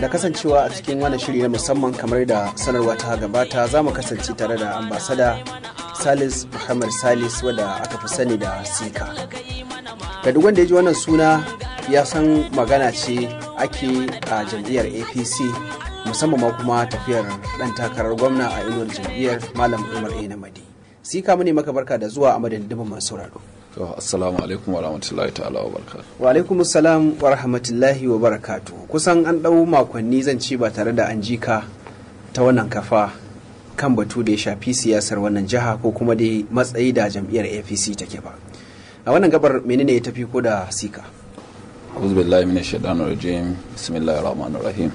da kasancewa a cikin wani shiri na musamman kamar da sanarwa ta gabata za mu kasance tare da ambasada salis muhammad salis wadda aka fi sani da sika da duk wanda ya ji wannan suna ya san magana ce ake a jam'iyyar apc musamman ma kuma tafiyar dan takarar gwamna a inuwar jam'iyyar malam umar a madi sika mu ne maka barka da zuwa a madadin masu sauraro to assalamu alaikum wa rahmatullahi ta'ala wa barakatuh wa alaikum assalam wa rahmatullahi wa barakatuh kusan an ɗau makonni zan ci ba tare da an jika ta wannan kafa kan batu da ya shafi siyasar wannan jiha ko kuma dai matsayi da jam'iyyar APC take ba a wannan gabar menene ya tafi ko da sika auzu billahi shaitanir rajim bismillahir rahmanir rahim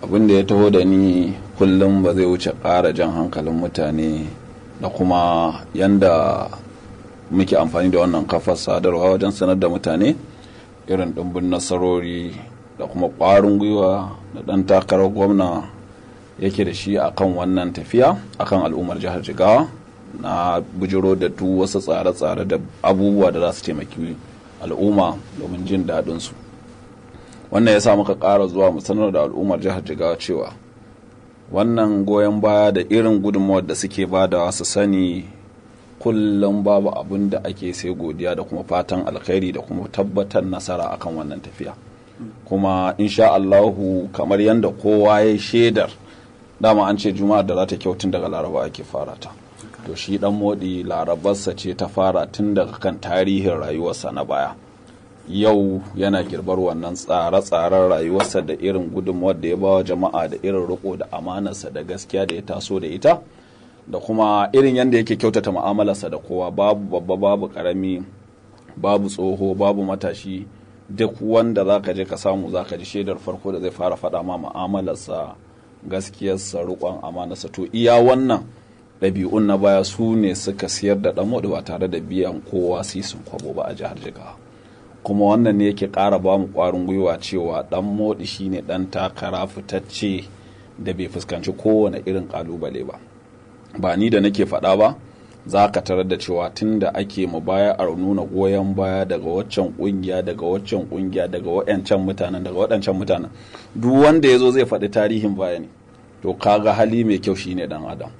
abin da ya taho da ni kullum ba zai wuce ƙara jan hankalin mutane da kuma yanda muke amfani da wannan kafar sadarwa wajen sanar da mutane irin dumbin nasarori da kuma kwarin gwiwa da ɗan takarar gwamna yake da shi akan wannan tafiya akan al'ummar jihar jigawa na bujiro da tu wasu tsare-tsare da abubuwa da za su taimaki al'umma domin jin daɗin su wannan ya sa muka ƙara zuwa mu sanar da al'ummar jihar jigawa cewa wannan goyon baya da irin gudunmawar da suke ba badawa su sani kullum babu abin da ake sai godiya da kuma fatan alkhairi da kuma tabbatar nasara akan wannan tafiya kuma insha Allahu kamar yadda kowa ya shaidar dama an ce juma'a da za ta kyau tun daga laraba ake fara ta to shi dan modi larabarsa ce ta fara tun daga kan tarihin rayuwarsa na baya yau yana girbar wannan tsare-tsaren rayuwarsa da irin gudunmuwar da ya bawa jama'a da irin riko da amanarsa da gaskiya da ya taso da ita da kuma irin yadda yake kyautata mu'amalarsa da kowa babu babba babu karami babu tsoho babu matashi duk wanda za ka je ka samu za ka ji shaidar farko da zai fara faɗa ma mu'amalarsa gaskiyarsa riƙon amanarsa to iya wannan ɗabi'un na baya su ne suka siyar da ɗan ba tare da biyan kowa su sun kwabo ba a jihar jigawa kuma wannan ne yake ƙara ba mu ƙwarin gwiwa cewa ɗan moɗi shine ɗan takara fitacce da bai fuskanci kowane irin ƙalubale ba ba ni da nake faɗa ba za ka tarar da cewa tun da ake mu baya a nuna goyon baya daga waccan kungiya daga waccan kungiya daga waɗancan mutanen daga waɗancan mutanen duk wanda ya zo zai faɗi tarihin baya ne to kaga hali mai kyau shine dan adam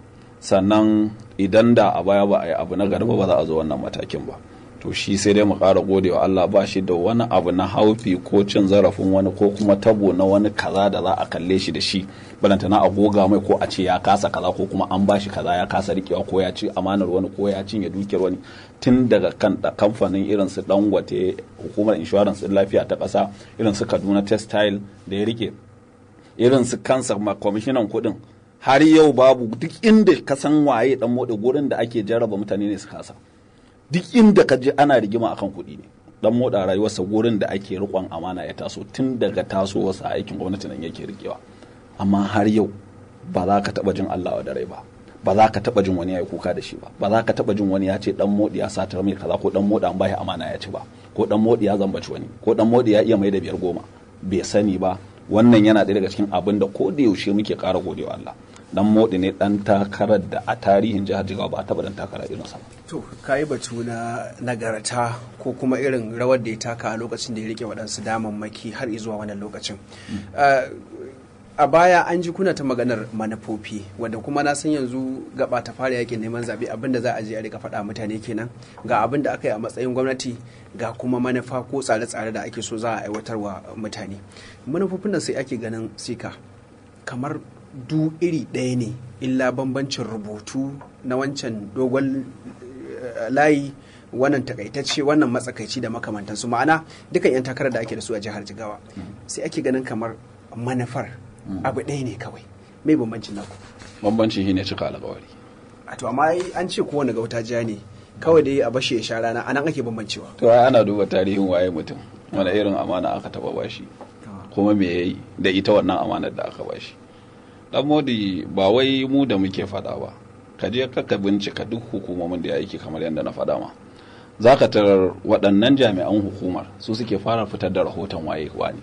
sannan idan da a baya ba a yi abu na garba ba za a zo wannan matakin ba to shi sai dai mu ƙara godewa Allah ba shi da wani abu na haufi ko cin zarafin wani ko kuma tabo na wani kaza da za a kalle shi da shi balanta na agoga mai ko a ce ya kasa kaza ko kuma an ba shi kaza ya kasa rikewa ko ya ci amanar wani ko ya cinye dukiyar wani tun daga kan kamfanin irin su dangote hukumar insurance lafiya ta ƙasa irin su Kaduna textile da ya rike irin su kansa ma kwamishinan kuɗin har yau babu duk inda kasan waye dan mode gurin da ake jarraba mutane ne su kasa duk inda ka je ana rigima akan kuɗi ne dan moda rayuwarsa wurin da ake rikon amana ya taso tun daga tasowarsa aikin gwamnati nan yake rikewa amma har yau ba za ka taba jin Allah da rai ba ba za ka taba jin wani ya kuka da shi ba ba za ka taba jin wani ya ce dan modi ya satar mai kaza ko dan moda an bai amana ya ci ba ko dan modi ya zambaci wani ko dan modi ya iya mai da biyar goma bai sani ba wannan yana ɗaya daga cikin abin da ko da yaushe muke ƙara godewa Allah dan moɗi ne dan takarar da a tarihin jihar Jigawa ba taɓa dan takara irin sa to kai batu na nagarta ko kuma irin rawar da ya taka a lokacin da ya rike waɗansu damammaki har zuwa wannan lokacin mm. ah, a baya an ji kuna ta maganar manufofi wanda kuma na san yanzu gaba ta fara yakin neman zaɓe abinda za a je a rika faɗa mutane kenan ga abin da aka yi a matsayin gwamnati ga kuma manufa ko tsare-tsare da ake so za a wa mutane manufofin da sai ake ganin sika kamar du iri ɗaya ne illa bambancin rubutu na wancan dogon eh, layi wannan takaitacce wannan matsakaici da makamantansu ma'ana dukkan 'yan takarar da ake da su a jihar jigawa sai ake ganin kamar manufar Mm. abu ɗaya ne kawai mai bambancin naku bambancin shi ne cika alƙawari a to amma an ce kowane gauta jiya ne kawai dai a bashi ya sha rana a nan ake bambancewa to ana duba tarihin waye mutum wani irin amana aka taba bashi kuma me yayi da ita wannan amanar da aka bashi dan modi ba wai mu da muke faɗa ba ka je ka bincika duk hukumomin da ya aiki kamar yadda na fada ma za ka tarar waɗannan jami'an hukumar su suke fara fitar da rahoton waye wani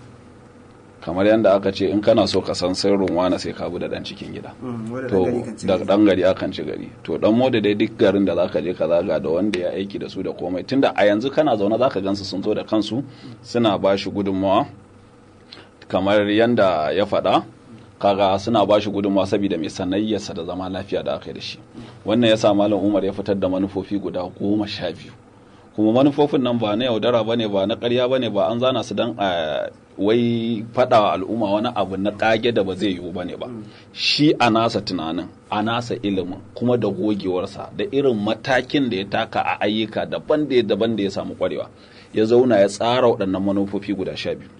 kamar yadda aka ce in kana so ka san sirrin na sai ka da dan cikin gida mm, to da dan gari akan ci gari to dan moda dai duk garin da zaka je ka zaga da wanda ya aiki da su da komai tunda a yanzu kana zaune zaka gansu sun zo da kansu suna ba shi gudunmawa kamar yadda ya faɗa kaga suna ba shi gudunmawa saboda mai sanayyarsa da zama lafiya da aka yi da shi wannan yasa malam umar ya fitar da manufofi guda goma sha biyu kuma manufofin nan ba na yaudara ba ne ba na karya ba ne ba an zana su don a eh, wai faɗa wa al'umma wani abu na ƙage da ba zai yiwu ba ne ba mm. shi a nasa tunanin a nasa ilimin kuma da gogewarsa da irin matakin da ya taka a ayyuka daban da daban da ya samu kwarewa ya zauna ya tsara waɗannan manufofi guda sha biyu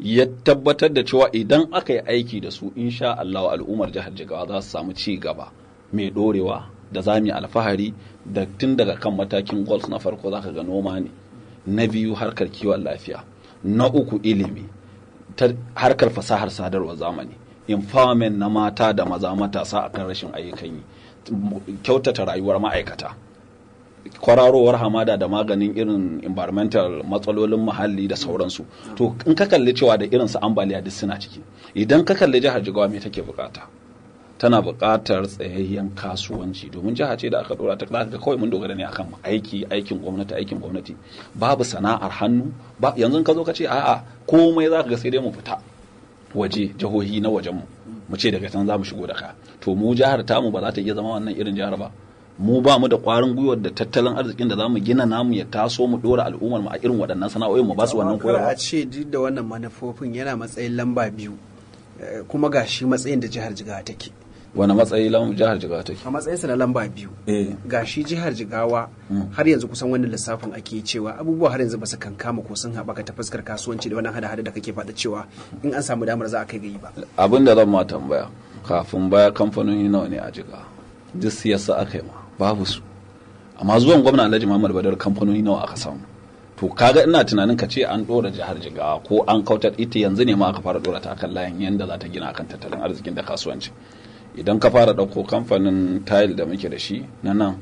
ya tabbatar da cewa idan aka yi aiki da su insha Allah al'ummar jihar Jigawa za su samu ci gaba mai ɗorewa da za mu yi alfahari da tun daga kan matakin goals na farko za ka ga noma ne na biyu harkar kiwon lafiya na uku ilimi harkar fasahar sadarwar zamani empowerment na mata da maza matasa a kan rashin ayyukan yi kyautata rayuwar ma'aikata kwararowar hamada da maganin irin environmental matsalolin muhalli da sauransu to in ka kalli cewa da irinsu ambaliya duk suna ciki idan ka kalli jihar jigawa me take bukata tana buƙatar tsayayyen kasuwanci domin jiha ce da aka dora ta ga kawai mun dogara ne akan aiki aikin gwamnati aikin gwamnati babu sana'ar hannu ba yanzu ka zo ka ce a'a komai za ka ga sai dai mu fita waje jihohi na wajenmu mu ce daga can za mu shigo da ka to mu jihar tamu ba za ta iya zama wannan irin jihar ba mu ba mu da ƙwarin gwiwar da tattalin arzikin da za mu gina namu ya taso mu ɗora al'ummar mu a irin waɗannan sana'o'in mu ba su wannan koyarwa. a ce duk da wannan manufofin yana matsayin lamba biyu eh, kuma ga shi matsayin da jihar jigawa take. wani matsayi jihar jigawa take a matsayinsa na lamba biyu eh. ga shi jihar jigawa mm. har yanzu kusan wani lissafin ake cewa abubuwa har yanzu ba su kankama ko sun haɓaka ta fuskar kasuwanci da wannan hada-hada da kake faɗa cewa in an samu damar za a kai gayi ba abin da zan ma tambaya kafin baya kamfanoni nawa ne a jigawa duk siyasa aka yi ma babu su amma zuwan gwamna alhaji muhammad badar kamfanoni nawa aka samu to kaga ina tunanin ka ce an dora jihar jigawa ko an kautar ita yanzu ne ma aka fara dora ta akan layin yanda za ta gina akan tattalin arzikin da kasuwanci idan ka fara ɗauko kamfanin tile da muke da shi na nan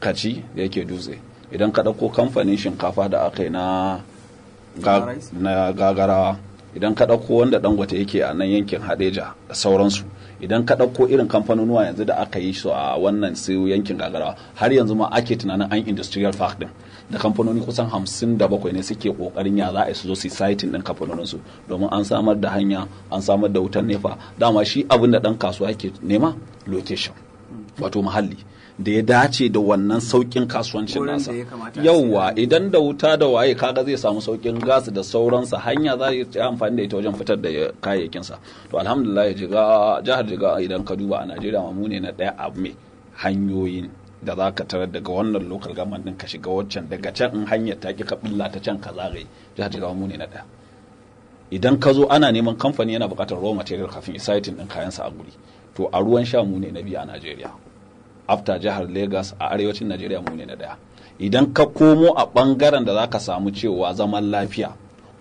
kaci da yake dutse idan ka ɗauko kamfanin shinkafa da aka yi na gagarawa idan ka ɗauko wanda dangote yake a nan yankin hadeja da sauransu idan ka ɗauko irin kamfanonuwa yanzu da aka yi su a wannan su yankin gagarawa har yanzu ma ake tunanin an industrial park din da kamfanoni kusan hamsin da bakwai ne suke kokarin ya za a su zo su sitin din kamfanonin su domin an samar da hanya an samar da wutar nefa dama shi abin da dan kasuwa yake nema location wato muhalli da ya dace da wannan saukin kasuwancin nasa yauwa idan da wuta da waye kaga zai samu saukin gas da sauransa hanya za yi amfani da ita wajen fitar da kayayyakinsa to alhamdulillah jihar jiga idan ka duba a najeriya mu na daya abu mai hanyoyin da za ka tarar daga wannan local government din ka shiga waccan daga can in hanyar ta ki ka billa ta can ka zagaye jihar jigawa mu ne na ɗaya idan ka zo ana neman kamfani yana buƙatar raw material kafin siting din kayansa a guri to a ruwan sha mu ne na biyu a Najeriya after jihar Legas a arewacin Najeriya mu ne na ɗaya idan ka komo a ɓangaren da za ka samu cewa zaman lafiya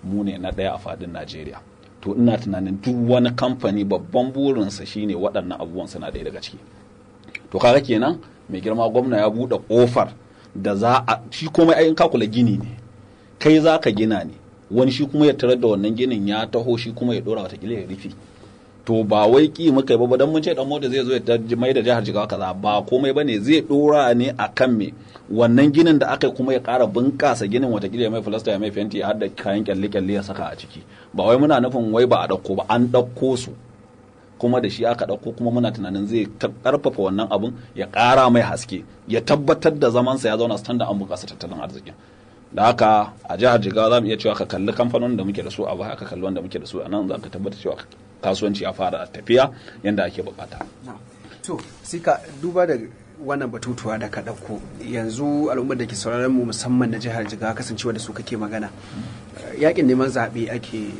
mu ne na ɗaya a faɗin Najeriya to ina tunanin duk wani kamfani babban burinsa shine waɗannan abubuwan suna ɗaya daga ciki to kaga kenan mai girma gwamna ya buɗe ƙofar da za a shi komai ayin kakula gini ne kai za ka gina ne wani shi kuma ya tarar da wannan ginin ya taho shi kuma ya ɗora watakila ya rufe to ba wai ki muka yi ba dan mun ce dan mota zai zo ya mai da jihar Jigawa kaza ba komai bane zai dora ne akan me wannan ginin da aka kuma ya ƙara bunƙasa ginin watakila ya mai filasta ya mai fenti har da kayan kyalle kyalle ya saka a ciki ba wai muna nufin wai ba a ɗauko ba an ɗauko su kuma da shi aka ɗauko kuma muna tunanin zai karfafa wannan abun ya ƙara mai haske ya tabbatar da zamansa ya zauna standard an bunƙasa tattalin arziki. da haka a jihar jigawa za mu iya cewa ka kalli kamfanonin da muke da su a baya ka kalli wanda muke da su a nan za ka tabbatar cewa kasuwanci ya fara tafiya yadda ake bukata. to sai ka duba da wannan batutuwa da ka ɗauko yanzu al'ummar da ke sauraron mu musamman na jihar jigawa kasancewa da su kake magana mm. yakin neman zaɓe ake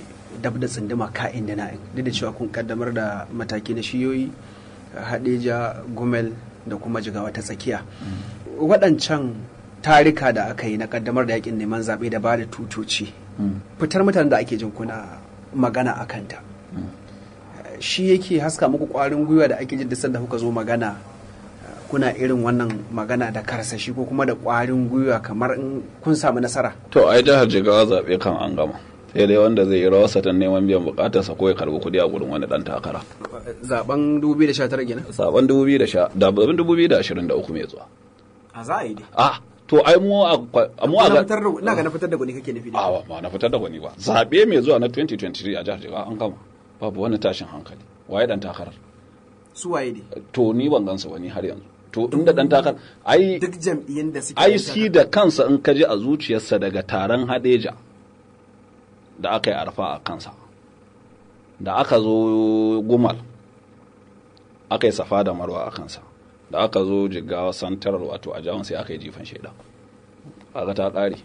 dab da tsinduma ka'in da na'in duk da cewa kun kaddamar da mataki na shiyoyi hadeja gumel da kuma jigawa ta tsakiya mm. waɗancan tarika da aka yi na kaddamar da yakin neman zaɓe da ba da tutoci mm. fitar mutanen da ake jin kuna magana a kanta mm. shi yake haska muku ƙwarin gwiwa da ake jin da sanda kuka zo magana kuna irin wannan magana da karsashi ko kuma da ƙwarin gwiwa kamar in kun samu nasara to ai jihar jigawa zaɓe kan an gama sai dai wanda zai yi rawarsa ta neman biyan bukatarsa ko ya karbi kudi a gurin wani dan takara zaben 2019 kenan zaben 2023 mai zuwa a za a yi dai a ah, to ai mu a mu a na ga na fitar da gwani kake nufi a ba na fitar da gwani ba zabe mai zuwa na 2023 a jihar Jigawa an kama babu wani tashin hankali waye dan takarar su waye ne to ni ban gansa wani har yanzu to inda dan takarar. ai duk jam'iyyun da suke ai shi da kansa in kaje a zuciyarsa daga taron hadeja da aka yi arfa a kansa da aka zo gumal aka yi safa da marwa a kansa da aka zo jigawa santarar wato a jawon sai aka yi jifan shaida ga ta ƙari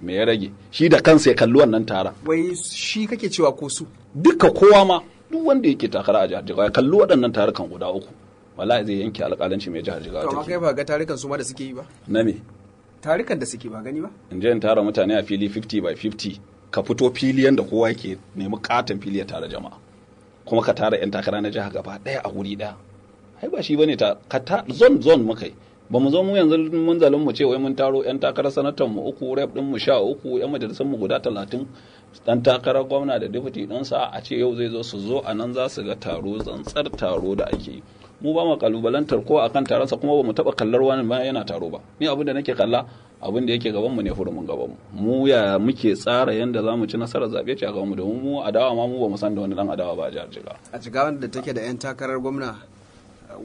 me ya rage shi da kansa ya kalli wannan tara. wai shi kake cewa ko su duka kowa ma duk wanda yake takara a jihar jigawa ya kalli waɗannan tarukan guda uku wallahi zai yanke alƙalanci mai jihar jigawa to kai ba ga tarukan su ma da suke yi ba na me tarukan da suke ba gani ba in je in tara mutane a fili 50 by 50 ka fito fili yadda kowa ke nemi katon fili ya tara jama'a kuma ka tara 'yan takara na jiha gaba ɗaya a wuri ɗaya ai ba shi bane ta ka ta zon zon muka yi ba mu zo mu yanzu mun zalun mu ce wai mun taro 'yan takarar sanatar mu uku rep din mu sha uku 'yan majalisar mu guda talatin dan takarar gwamna da deputy din sa a ce yau zai zo su zo a nan za su ga taro zantsar taro da ake yi mu ba mu kalubalantar ko akan sa kuma ba mu taɓa kallar wani ma yana taro ba ni abin da nake kalla abin da yake gabanmu ne hurumin gaban mu ya muke tsara yadda za mu ci nasarar zaɓe ce a gabanmu domin mu adawa ma mu ba mu san da wani dan adawa ba a jihar jigawa a jigawan da take da 'yan takarar gwamna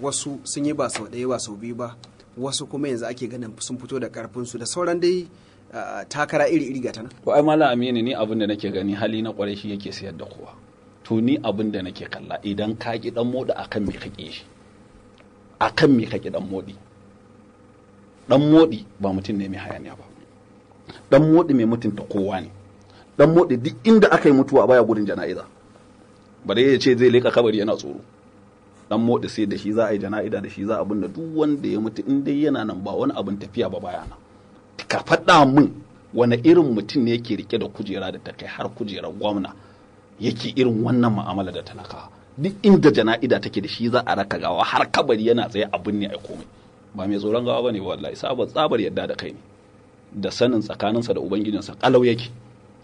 wasu sun yi ba sau ɗaya ba sau biyu ba wasu kuma yanzu ake ganin sun fito da karfinsu da sauran dai takara iri-iri ga tana. To ai malam amini ni abin da nake gani hali na kwarai shi yake sayar da kowa. To ni abin da nake kalla idan ka ki dan moda akan me kake shi. Akan me kake dan modi. Ɗan moɗi ba mutum ne mai hayaniya ba Ɗan moɗi mai mutunta kowa ne dan moɗi duk inda aka yi mutuwa baya gudun jana'iza ba da ya ce zai leka kabari yana tsoro dan moɗi sai da shi za a yi jana'iza da shi za abin da duk wanda ya mutu in dai yana nan ba wani abin tafiya ba bayana. nan ka faɗa min wani irin mutum ne yake rike da kujera da ta kai har kujerar gwamna yake irin wannan ma'amala da talaka duk inda jana'ida take da shi za a raka gawa har kabari yana tsaye abin ne a komai ba mai tsoron gawa bane wallahi ba tsabar yadda da kai ne da sanin tsakaninsa da ubangijinsa kalau yake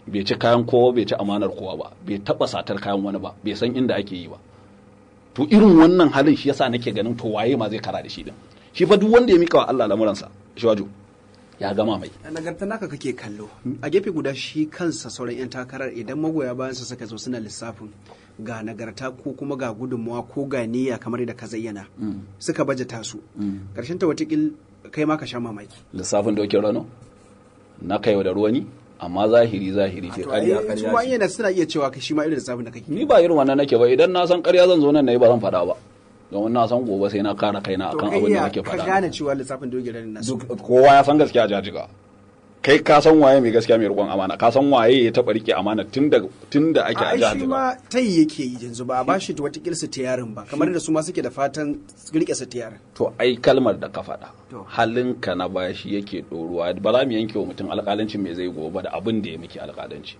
bai ci kayan kowa bai ci amanar kowa ba bai taba satar kayan wani ba bai san inda ake yi ba to irin wannan halin shi yasa nake ganin to waye ma zai kara da shi din shi fa duk wanda ya mika wa Allah lamuransa shiwaju ya gama mai nagarta naka kake kallo a gefe guda shi kansa sauran yan takarar idan magoya bayan sa suka zo suna lissafin ga nagarta ko kuma ga gudunmawa ko ga niyya kamar da ka zayyana mm. suka baje tasu mm. karshen ta watakil kai ma ka sha mamaki lissafin dokin rano na kai da ruwani amma zahiri zahiri ce ƙarya ƙarya ce yana suna iya cewa ka shi ma irin lissafin da kake ni ba irin wannan nake ba idan na san ƙarya zan zo nan nayi ba zan faɗa ba domin na san gobe sai na kara kaina akan abin da nake faɗa to kai ka gane cewa lissafin dokin rano na kowa ya san gaskiya jajiga kai ka san waye mai gaskiya mai rukon amana ka san waye ya taba rike amana tunda da ake a jihar ba ta yi yake yi yanzu ba a bashi ta wata kilsa ta yarin ba kamar da su ma suke da fatan rike sa ta yarin to ai kalmar da ka faɗa ka na bashi yake doruwa ba za mu yanke wa mutum alƙalancin me zai gobe da abin da ya miki alƙalanci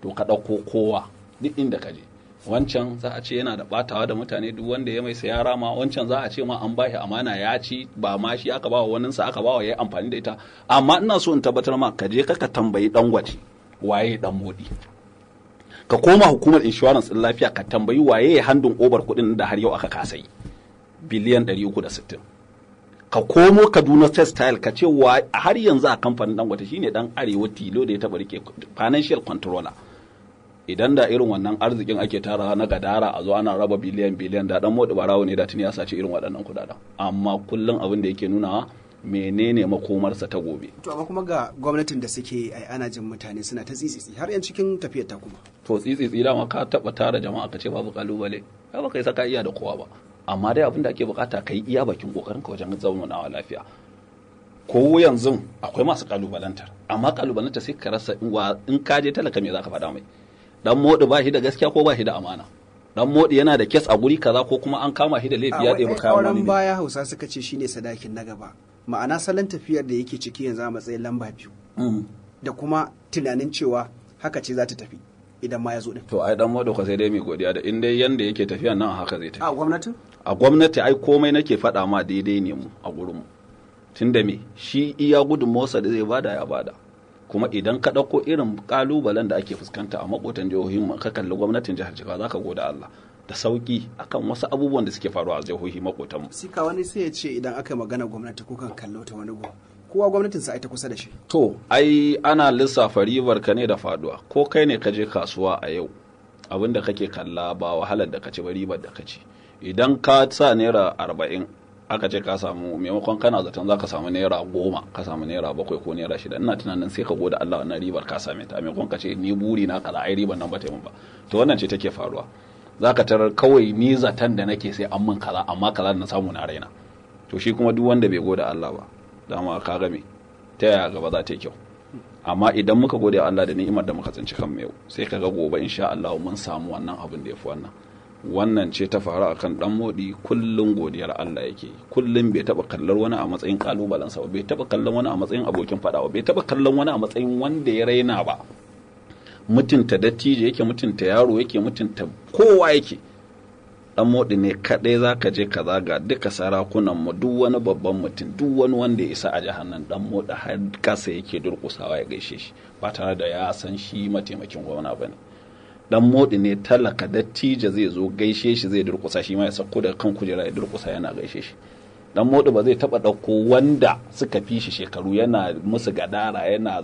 to ka ɗauko kowa duk inda ka je wancan za a ce yana da batawa da mutane duk wanda ya mai saya rama wancan za a ce ma an bashi amana ya ci ba ma shi aka bawa wanin sa aka bawa yayi amfani da ita amma ina so in tabbatar ma ka je ka ka tambayi dan gwaji waye dan modi ka koma hukumar insurance din lafiya ka tambayi waye ya handin obar kuɗin da har yau aka kasai biliyan 360 ka komo kaduna textile ka ce har yanzu a kamfanin dangote shine dan arewa tilo da ya taba rike financial controller idan da irin wannan arzikin ake tara na gadara a zo ana raba biliyan biliyan da dan modu barawo ne da tuni ya sace irin waɗannan kudaden amma kullum abin da yake nunawa menene makomarsa ta gobe. To amma kuma ga gwamnatin da suke ai ana jin mutane suna ta tsitsitsi har yan cikin tafiyar ta kuma. To tsitsitsi dama ka taba tara jama'a ka ce babu kalubale ya ba kai ka iya da kowa ba amma dai abin da ake bukata kai iya bakin kokarin ka wajen zaunawa lafiya. ko yanzu akwai masu kalubalantar amma kalubalantar sai ka rasa in ka je talaka me za ka faɗa mai dan modi ba shi da gaskiya ko ba shi da amana dan modi yana da kes a guri kaza ko kuma an kama shi da laifi ya ɗebi kayan wani baya hausa suka ce shine sadakin na gaba ma'ana salon tafiyar da yake ciki yanzu a matsayin lamba biyu mm. da kuma tunanin cewa haka ce za ta tafi idan ma ya zo din to ai dan modi ko sai dai mai godiya da in dai yanda yake tafiya nan haka zai tafi a gwamnati a gwamnati ai komai nake faɗa ma daidai ne mu a gurin mu tunda me shi iya gudun motsa da zai bada ya bada kuma idan ka ɗauko irin ƙalubalen da ake fuskanta a makotan jihohin ka kalli gwamnatin jihar Jigawa ka goda Allah da sauki akan wasu abubuwan da suke faruwa a jihohi makotan sika wani sai ya ce idan aka magana gwamnati ko kan kallo ta wani go kowa gwamnatin sa ta kusa da shi to ai ana lissafa ribar ka ne da faduwa ko kai ne ka je kasuwa a yau abinda kake kalla ba wahalar da ka ci ba ribar da ka ci idan ka sa naira arba'in aka ce ka samu maimakon kana zaton za ka samu naira goma ka samu naira bakwai ko naira shida ina tunanin sai ka goda Allah wannan ribar ka same ta maimakon ka ce ni buri na kaza ai ribar nan ba ta yi ba to wannan ce take faruwa za ka tarar kawai ni zaton da nake sai an min kala amma kaza na samu na raina to shi kuma duk wanda bai goda Allah ba dama ka game ta yaya gaba za ta yi kyau amma idan muka gode Allah da ni'imar da muka tsinci kan yau sai ka ga gobe insha Allah mun samu wannan abin da ya fi wannan wannan ce ta faru a kan dan modi kullum godiyar Allah yake kullum bai taba kallar wani a matsayin kalubalensa ba bai taba kallon wani a matsayin abokin fada bai taba kallon wani a matsayin wanda ya raina ba mutunta dattijo yake mutunta yaro yake mutunta kowa yake dan modi ne kadai zaka je ka zaga duka sarakunan mu duk wani babban mutum duk wani wanda ya isa a jahannan dan modi har kasa yake durkusawa ya gaishe shi ba tare da ya san shi mataimakin gwamna bane dan motsi ne talaka dattija zai zo gaishe shi zai durkusa shi ma ya sauko daga kan kujera ya durkusa yana gaishe shi dan motsi ba zai taba dauko wanda suka fi shi shekaru yana musu gadara yana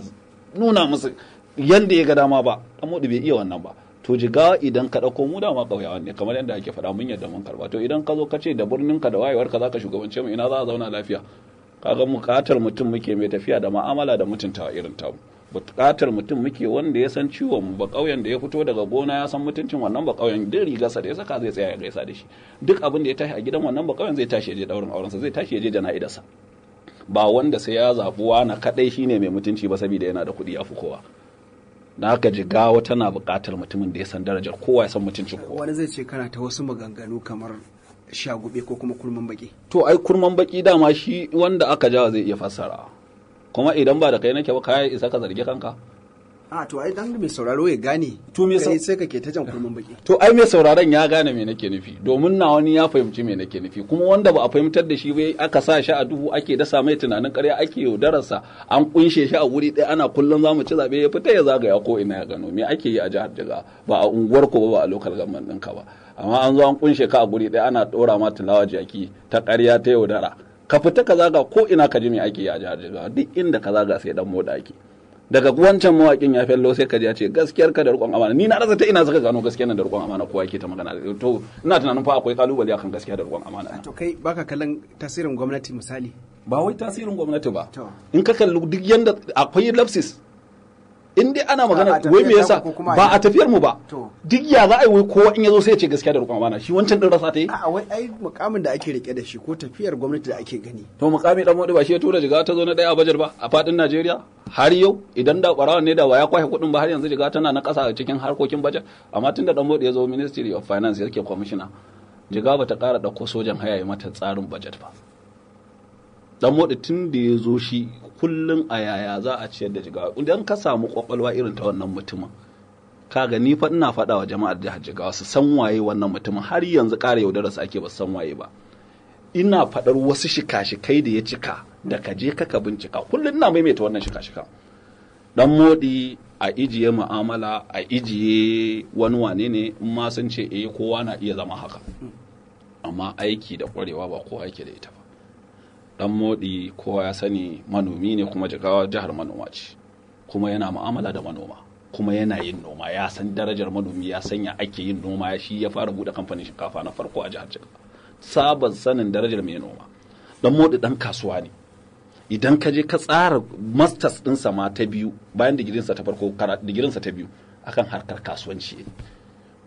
nuna musu yanda ya ga dama ba dan motsi bai iya wannan ba to jiga idan ka dauko mu dama kauya ne kamar yadda ake faɗa mun yadda mun karba to idan ka zo ka ce da birnin ka da wayewar ka zaka shugabance mu ina za a zauna lafiya Ka kaga katar mutum muke mai tafiya da ma'amala da mutuntawa irin tamu buƙatar mutum muke wanda ya san ciwon ba ƙauyen da ya fito daga gona ya san mutuncin wannan ba ƙauyen duk rigarsa da ya saka zai tsaya ya gaisa da shi duk abin da ya tashi a gidan wannan ba ƙauyen zai tashi ya je daurin aurensa zai tashi ya je jana'idarsa ba wanda sai ya zaɓi na kaɗai shine mai mutunci ba saboda yana da kuɗi fi kowa na ka ji gawa tana buƙatar mutumin da ya san darajar kowa ya san mutuncin kowa wani zai ce kana ta wasu maganganu kamar shagube ko kuma kurman baki to ai kurman baki dama shi wanda aka jawa zai iya fassara kuma idan ba da kai nake ba kai isa ka zargi kanka a to ai dan mai sauraro ya gane to me sai sai kake ta jan kurmin baki to ai mai sauraron ya gane me nake nufi domin na wani ya fahimci me nake nufi kuma wanda ba a fahimtar da shi ba aka sa shi a duhu ake dasa mai tunanin ƙarya ake yaudararsa an kunshe shi a wuri ɗaya ana kullum zamu ci zabe ya fita ya zagaya ko ina ya gano me ake yi a jihar Jigawa ba a unguwar ko ba a local government ɗinka ba amma an zo an kunshe ka a guri ɗaya ana ɗora ma tilawa jaki ta ƙarya ta yaudara ka fita ka zaga ko ina ka ji mai ake a jihar jihar duk inda ka zaga sai dan moda ake daga wancan mawakin ya fello sai ka ji ya ce gaskiyar ka da rukon amana ni na rasa ta ina saka gano gaskiyar da rukon amana kowa yake ta magana to ina tunanin fa akwai kalubale akan gaskiya da rukon amana to kai baka kallon tasirin gwamnati misali ba wai tasirin gwamnati ba in ka kalli duk yanda akwai lapses in dai ana magana wai me yasa ba a tafiyar mu ba duk ya za a yi wai kowa in zo sai ya ce gaskiya da rukun amana shi wancan din rasa ta yi a wai ai mukamin da ake rike da shi ko tafiyar gwamnati da ake gani to mukami dan ba shi ya tura jiga ta zo na daya a bajar ba a fadin Najeriya har yau idan da kwarawan ne da waya kwashe kuɗin ba har yanzu jiga tana na ƙasa a cikin harkokin bajar amma tun da dan ya zo Ministry of Finance yake commissioner jiga ba ta da ko sojan haya mata tsarin bajet ba dan wadda tun da ya zo shi kullum a yaya za a ciyar da jigawa idan ka samu kwakwalwa irin ta wannan mutumin kaga ni fa ina faɗa wa jama'ar jihar jigawa su san waye wannan mutumin har yanzu ƙara yaudarar su ake ba san waye ba ina faɗar wasu shika-shikai da ya cika da ka je kaka bincika kullum ina maimaita wannan shika-shikan dan moɗi a ijiye mu'amala a ijiye wani wane ne in ma sun ce eh kowa na iya zama haka amma aiki da ƙwarewa ba kowa yake da ita ba dan modi kowa ya sani manomi ne kuma jigawa jihar manoma ce kuma yana mu'amala da manoma kuma yana yin noma ya san darajar manomi ya sanya ake yin noma ya shi ya fara bude kamfanin shinkafa na farko a jihar jigawa sabon sanin darajar mai noma dan modi dan kasuwa ne idan ka je ka tsara masters ɗinsa ma ta biyu bayan digirinsa ta farko digirinsa ta biyu akan harkar kasuwanci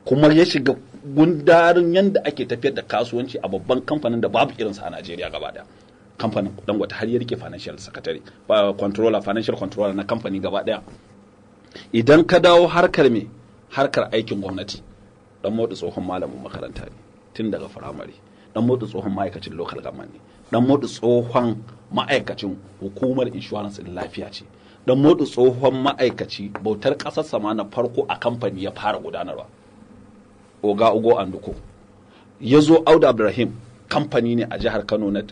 kuma ya shiga gundarin yadda ake tafiyar da kasuwanci a babban kamfanin da babu irinsa a Najeriya gaba daya kamfanin dangote har ya rike financial secretary controller financial controller na kamfani gaba daya idan ka dawo harkar me harkar aikin gwamnati dan motsa tsohon malamin makaranta ne tun daga firamare dan motsa tsohon ma'aikacin local government ne dan motsa tsohon ma'aikacin hukumar insurance din lafiya ce dan motsa tsohon ma'aikaci bautar kasar sama na farko a kamfani ya fara gudanarwa oga ugo anduko ya zo auda ibrahim kamfani ne a jihar kano na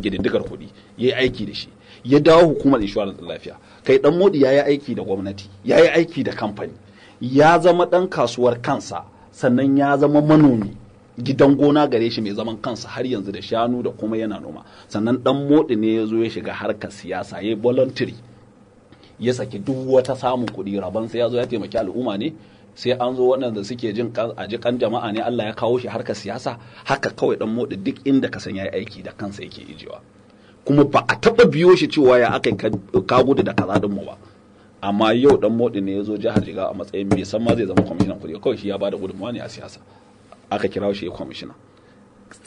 gididdigar kuɗi ya yi aiki da shi ya dawo hukumar insurance lafiya kai dan modi ya yi aiki da gwamnati ya yi aiki da kamfani ya zama dan kasuwar kansa sannan ya zama manomi gidan gona gare shi mai zaman kansa har yanzu da shanu da kuma yana noma sannan dan modi ne ya zo ya shiga harkar siyasa ya yi ya saki duk wata samun kuɗi rabansa ya zo ya taimaki al'umma ne sai an zo waɗanda suke jin a jikan jama'a ne Allah ya kawo shi harkar siyasa haka kawai dan motsi duk inda ka san yayi aiki da kansa yake ijewa kuma ba a taba biyo shi cewa ya aka ka gudu da kaza mu ba amma yau dan motsi ne ya zo jihar jiga a matsayin mai san ma zai zama kwamishinan kudi kawai shi ya bada gudunmuwa ne a siyasa aka kira shi kwamishina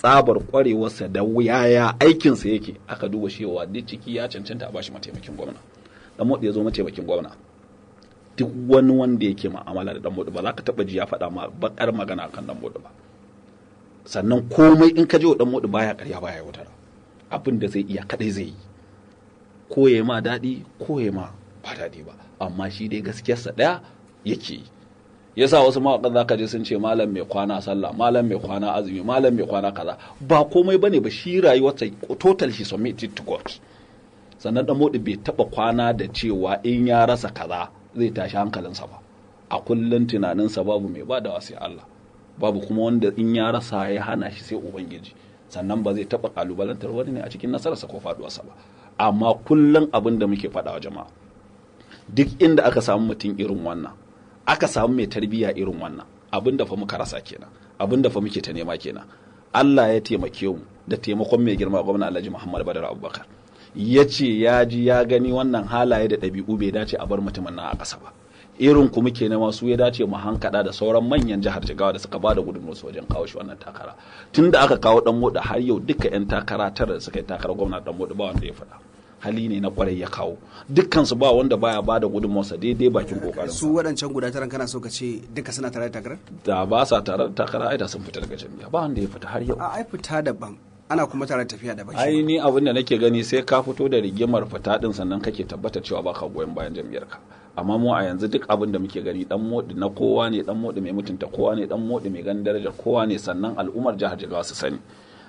tsabar kwarewarsa da yaya aikinsa yake aka duba cewa duk ciki ya cancanta a bashi mataimakin gwamna dan motsi ya zo mataimakin gwamna duk wani wanda yake ma'amala da dan ba za ka taba ji ya faɗa ma bakar magana akan dan ba sannan komai in ka je wa dan baya karya baya wata abin da zai iya kadai zai yi ko ya ma daɗi ko ya ma ba daɗi ba amma shi dai gaskiyarsa ɗaya yake yi yasa wasu mawaƙan za ka je sun ce malam mai kwana sallah malam mai kwana azumi malam mai kwana kaza ba komai bane ba shi rayuwarsa total shi submitted to God sannan dan bai taba kwana da cewa in ya rasa kaza zai tashi hankalinsa ba a kullum tunaninsa babu mai ba badawa sai Allah babu kuma wanda in ya rasa ya hana shi sai ubangiji sannan ba zai taɓa kalubalantar wani ne a cikin nasararsa ko faduwarsa ba amma kullum abin da muke faɗa wa jama'a duk inda aka samu mutum irin wannan aka samu mai tarbiyya irin wannan abin da fa muka rasa kenan abin da fa muke ta nema kenan Allah ya taimake mu da taimakon mai girma gwamna Alhaji Muhammad Badar Abubakar ya ce ya ji ya gani wannan halaye da ɗabi'u bai dace a bar mutumin na a ƙasa ba irin ku muke na masu ya dace mu hankada da sauran manyan jihar jigawa da suka bada su wajen kawo shi wannan takara tun da aka kawo dan moda har yau duka yan takara tara da suka yi takara gwamna dan moda ba wanda ya faɗa hali ne na kwarai ya kawo dukkansu ba wanda baya bada sa daidai bakin kokarin su waɗancan guda taran kana so ka ce duka suna tare da takara. da ba sa tare da takara ai da sun fita daga jami'a ba wanda ya fita har yau ai fita ban ana kuma tare tafiya da baki ai ni abin da nake gani sai ka fito da rigimar fita din sannan kake tabbatar cewa baka goyon bayan jam'iyyar ka amma mu a yanzu duk abin da muke gani dan modi na kowa ne dan modi mai mutunta kowa ne dan modi mai ganin darajar kowa ne sannan al'ummar jihar Jigawa su sani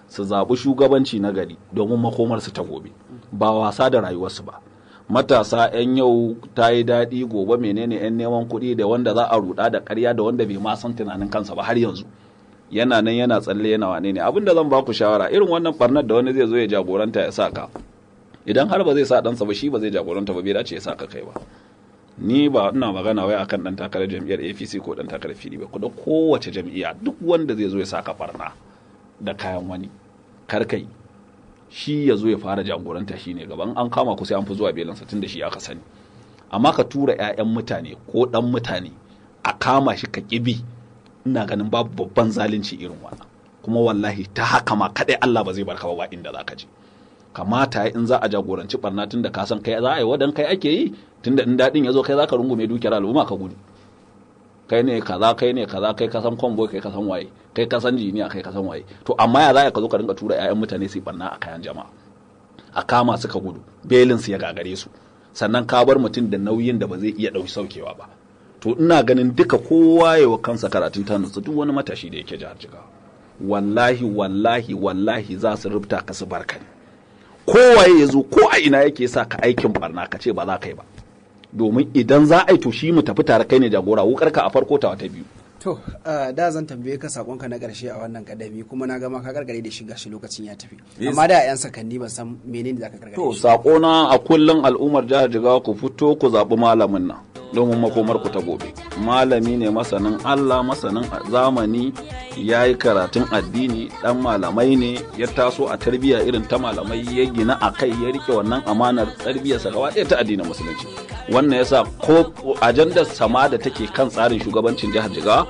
su zaɓi shugabanci na gari domin su ta gobe ba wasa da rayuwarsu ba matasa 'yan yau ta yi daɗi gobe menene 'yan neman kuɗi da wanda za a ruɗa da ƙarya da wanda bai ma san tunanin kansa ba har yanzu yana nan yana tsalle yana wane ne abinda zan baku shawara irin wannan barnar da wani zai zo ya jagoranta ya sa ka. idan har ba zai sa ɗansa ba shi ba zai jagoranta ba bai dace ya sa ka kai ba ni ba ina magana wai akan dan takarar jam'iyyar APC ko dan takarar fili ba kuma kowace jam'iyya duk wanda zai zo ya sa ka barna da kayan wani Kar karkai shi ya zo ya fara jagoranta shi ne gaban an kama ku sai an fi zuwa belansa tun da shi aka sani amma ka tura 'ya'yan mutane ko dan mutane a kama shi ka kibi ina ganin babu babban zalunci irin wannan kuma wallahi ta haka ma kadai Allah ba zai barka ba inda zaka je kamata in za a jagoranci barna tun da ka san kai za a yi wadan kai ake yi tun da in daɗin ya zo kai za ka rungume dukiyar al'umma ka gudu kai ne kaza kai ne kaza kai ka san kwambo kai ka san waye kai ka san jiniya kai ka san waye to amma ya za ka zo ka rinka tura 'ya'yan mutane su barna a kayan jama'a a kama su gudu belin su ya gagare su sannan ka bar mutum da nauyin da ba zai iya ɗauki saukewa ba to ina ganin duka kowa ya wa kansa karatun ta nutsu duk wani matashi da yake jihar jigawa wallahi wallahi wallahi za su rubuta ka su barka ne kowaye ya zo ko a ina yake sa ka aikin barna ka ce ba za ka yi ba domin idan za a yi to shi mu tafi tare kai ne jagora wukar ka a farko ta wata biyu to da zan tambaye ka ka na karshe a wannan kadami kuma na gama ka gargare da shiga shi lokacin ya tafi amma da yan sakanni ban san menene za ka gargare to sako na a kullun al'ummar jihar Jigawa ku fito ku zaɓi malamin nan domin makomar ku ta gobe malami ne masanin Allah masanin zamani ya yi karatun addini dan malamai ne ya taso a tarbiyya irin ta malamai ya gina a kai ya rike wannan amanar tarbiyyarsa gaba ta addinin musulunci wannan yasa ko ajandar sama da take kan tsarin shugabancin jihar Jigawa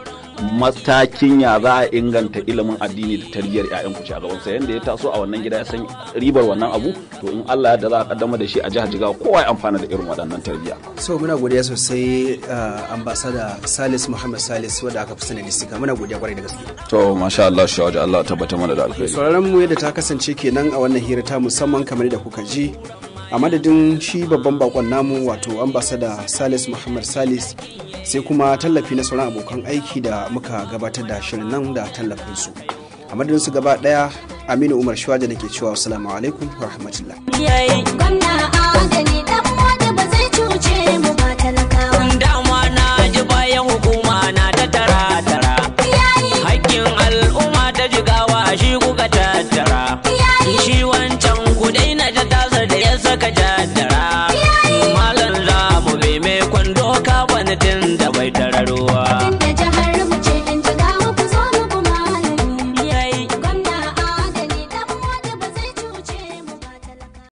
matakin ya za a inganta ilimin addini da tarbiyyar 'ya'yan ku a gabansa yadda ya taso a wannan gida ya san ribar wannan abu to in Allah ya da za a kaddama da shi a jihar Jigawa kowa ya amfana da irin waɗannan tarbiyya. So muna godiya sosai uh, ambasada Salis Muhammad Salis wadda aka fi sani da Sika muna godiya kwarai da gaske. To masha Allah shi waje Allah tabbata mana da alkhairi. Sauraron mu yadda ta kasance kenan a wannan hira ta musamman kamar da kuka ji a madadin shi babban bakon namu wato ambasada salis muhammad salis sai kuma tallafi na sauran abokan aiki da muka gabatar da shirin nan da tallafinsu a madadin su gaba daya aminu umar shiwaja da ke cewa assalamu alaikum rahmatullah